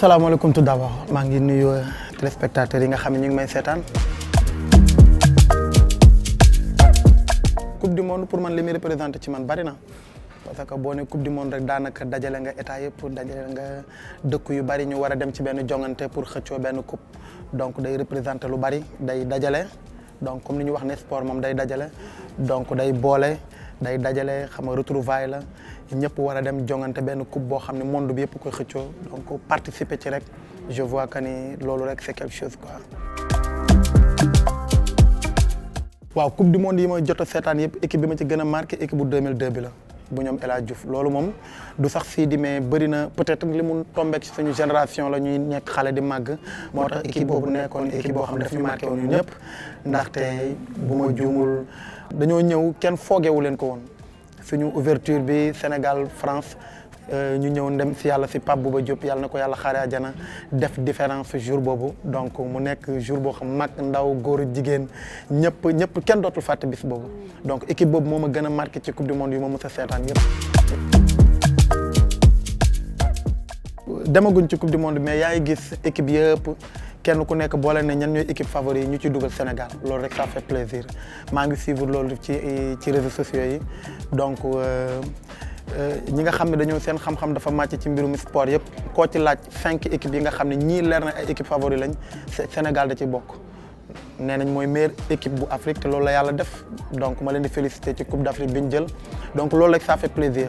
salaamaaleykum tout d'abord maa ngi nuyu téléspectateurs yi nga xam ne ñu ngi may seetaan. coupe du monde pour man li muy représenté ci man bari na parce que boo ne coupe du monde rek daanaka dajale nga état yëpp dajale nga dëkk yu bari ñu war a dem ci benn jongante pour xëccoo benn coupe donc day représenté lu bari day dajale donc comme ni ñu wax ne sport moom day dajale donc day boole. day dajale xam nga retrouvaille la ñëpp war a dem jongante benn coupe boo xam ne monde bi yëpp koy xëccoo donc participer ci rek je vois que ni loolu rek c'est quelque chose quoi. waaw coupe du monde yi ma jot a seetaan yëpp équipe bi ma ci gën a marqué équipe bu 2002 bi la. bu ñoom El Hadj loolu moom du sax sii di mais bëri na peut-être li mu tombé suñu génération la ñuy nekk xale di màgg moo tax équipe boobu nekkoon équipe boo xam ne daf ñu marqué woon ñëpp ndaxte bu ma juumul dañoo ñëw kenn foogewu leen ko woon suñu ouverture bi Sénégal France Euh, ñu ñëw ndem si yàlla si Pape Bouba Diop yàlla na ko yàlla xaaree def différence jour boobu donc mu nekk jour bo xam mak ndaw góor jigen ñëpp ñëpp kenn dotul fatte bis boobu donc équipe boobu moma gëna marqué ci coupe du monde yu ma mës sétane seetaan demaguñ ci coupe du monde mais yaay gis équipe yëpp. kenn ku nekk bolé né ñan ñoy équipe favori ñu ci dugal Sénégal lool rek ça fait plaisir ma ngi suivre lool ci ci réseaux sociaux yi donc euh, Euh, ñi nga xam ne dañoo seen xam-xam dafa màcc ci mbirum sport yëpp koo ci laaj cinq équipes yi nga xam ne ñii leer na ay équipe favori lañ Sénégal da ci bokk nee nañ mooy meilleure équipe bu Afrique te loolu la yàlla def donc ma leen di féliciter ci Coupe d'Afrique bi ñu jël donc loolu rek ça fait plaisir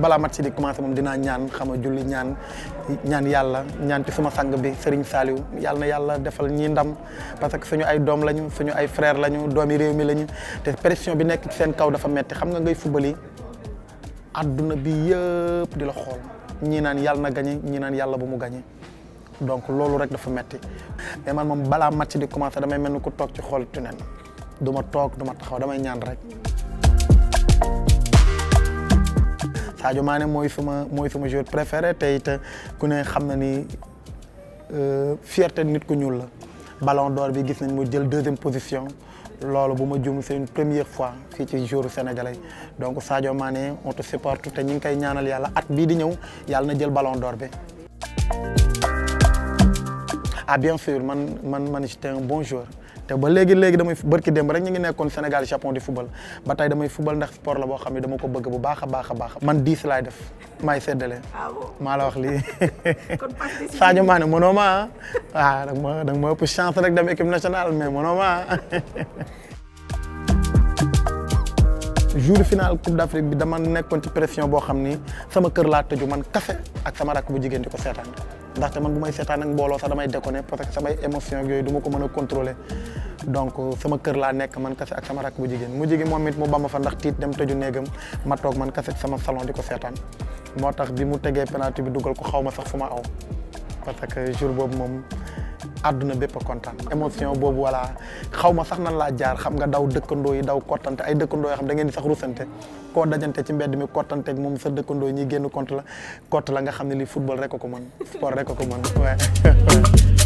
bala match di commencé mom dina ñaan xam nga julli ñaan ñaan yalla ñaan ci suma sang bi Serigne saliw yalla na yalla defal ñi ndam parce que suñu ay dom lañu suñu ay frère lañu domi réew mi lañu té pression bi nekk ci seen kaw dafa metti xam nga ngay footballi aduna bi yépp dila xol ñi naan yalla na gañe ñi naan yalla bu mu gañe donc lolu rek dafa metti mais man moom balaa match di commencé damay melni ku tok ci xol tunen duma tok duma taxaw damay ñaan rek Sadio Mané moy suma moy suma joueur préféré te it ku ne xam na ni euh fierté nit ku ñuul la ballon d'or bi gis nañ mu jël deuxième position loolu buma ma jum c'est une première fois fii ci joueur sénégalais donc Sadio Mané on te supporte te ñing kay ñaanal yalla at bi di ñew yalla na jël ballon d'or bi ah bien sûr man man man j'étais un bon jour. te ba léegi léegi damay bërki démb rek ñu ngi nekkoon Sénégal Japon di football ba tey damay football ndax sport la boo xam ne dama ko bëgg bu baax a baax a baax man diis laay def maay Ah maa la wax lii Sadio Mané monoma. ah waaw ah, danga ma danga ma ëpp chance rek dem équipe nationale mais monoma. Ah. jour final coupe d'Afrique bi dama nekkoon ci pression boo xam ni sama kër laa tëju man kase ak sama rakk bu jigéen di ko seetaan ndaxte man bu may seetaan ak mbooloo sax damay déconné parce que samay émotion ak yooyu du ma ko mën a contrôler donc euh, sama kër laa nekk man kase ak sama rakk bu jigéen mu jigi moom it mu bamba fa ndax tiit dem tëju néegam ma toog man kase sama salon di ko seetaan moo tax bi mu tegee penalty bi dugal ko xaw ma sax fu ma aw parce que jour boobu moom àdduna bépp a kontaan émotion boobu voilà xaw ma sax nan laa jaar xam nga daw dëkkandoo yi daw kottante ay dëkkandoo yoo xam da ngeen di sax rusante koo dajante ci mbedd mi kottante ak moom sa dëkkandoo ñi génn compte la kott la nga xam ne lii football rek ko ko mën sport rek ko ko mën